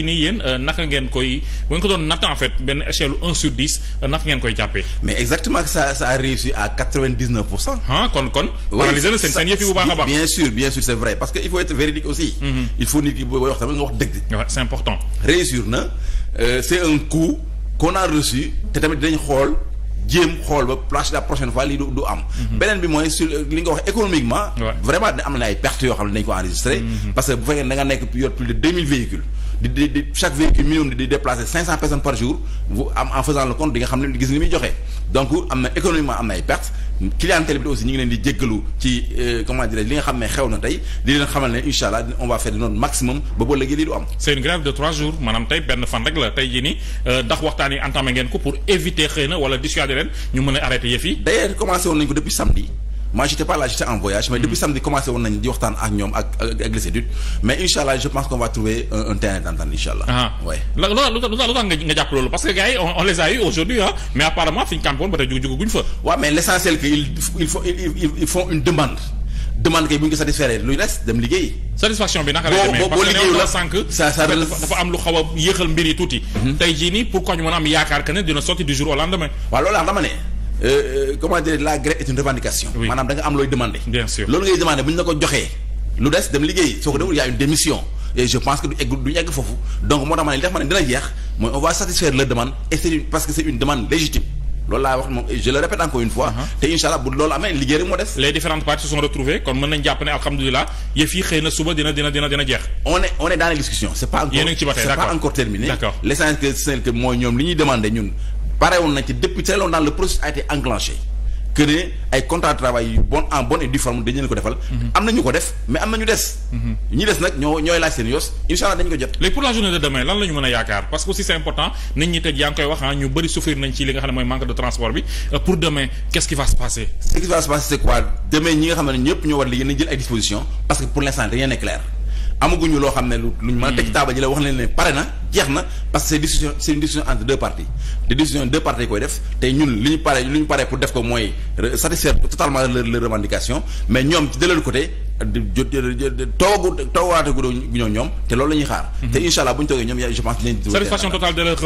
kii nii yéen euh, naka ngeen koy bu ngeen ko doon natt en fait benn échelle un sur dix euh, naka ngeen koy jàppee. mais exactement ça ça a à quatre-vingt-dix-neuf pour cent. kon kon. analyser la seen seen xool. jéem xool ba place la prochaine fois lii du du am. Mhm. beneen bi mooy sur euh, li nga wax économiquement. vraiment dina mhm. nekk yor plus de deux mille véhicules. di di di chaque véhicule minimum di déplacer cinq cent personnes par jour bu am en faisant le compte di nga xam ne gis ni muy joxe donc am na économiquement am na ay pertes clientèle aussi ñu ngi leen di jéggalu ci euh, comment dirais li nga xam ne xew na tey di leen xamal ne incha allah on va faire de notre maximum ba ba léegi lii du am. c'est une de trois jours maanaam tey benn fan rek la tey jii nii euh, ndax waxtaan yi entamé ngeen ko pour éviter xëy na wala dissuader leen ñu mën commencé woon nañ ko depuis samedi. moi j'étais pas là j'étais en voyage mais hmm. depuis samedi commencé woon nañu di waxtaan ak ñoom ak ak les études mais incha je pense qu'on va trouver un terrain d'entente incha allah ah. oui lu tax lu tax nga jàpp loolu parce que gars yi on les a eu aujourd'hui mais apparemment fi ñu campoon ba tey jug juguguñ fa waaw mais l'essentiel que il il faut ils font une demande demande kay bu ñu ko satisfaire luy des dem liggéey yi tuuti mhm. Euh, euh, comment dire la grève est une revendication. oui maanaam da nga am looy demander. bien sûr loolu ngay demander bu ñu la ko joxee lu des dem liggéey soo ko deful y a une démission. je pense que du egg foofu donc moo tax ma ne li tax ma ne dina jeex mooy on va satisfaire leur demande et c'est une parce que c'est une demande légitime loolu laa wax moom je le répète encore une fois. Uh-huh. te incha allah bu loolu amee liggéey rek moo des. les différentes parties se sont retrouvées pare woon nañ ci depuis très longtemps le processus a été enclenché que ne ay contrat de yu bon en bonne et due forme dañu leen ko defal. Mhm. am na ñu ko def mais am na ñu des. Mhm. ñi des nag ñoo ñooy laaj seen yos incha allah dañu jot. léegi pour la journée de demain lan la mën a yaakaar parce que aussi c'est important nit ñi tey yaa ngi koy wax ah, ñu bëri souffrir nañ ci li nga xam ne mooy manque de transport bi euh, pour demain qu'est-ce qui va se passer. ce amaguñu loo xam ne lu luñ mën a teg hmm. taabal ji la wax leen pare na jeex na parce que c'est une décision entre deux parties des décisions deux parties koy def te ñun li ñu pare li ñu pare pour def ko mooy satisfaire totalement leur leur revendication mais ñoom ci de leur côté toogu toogaate gu ñoom te loolu la xaar hmm. te incha bu ñu toogee ñoom je pense dinañ satisfaction totale de leur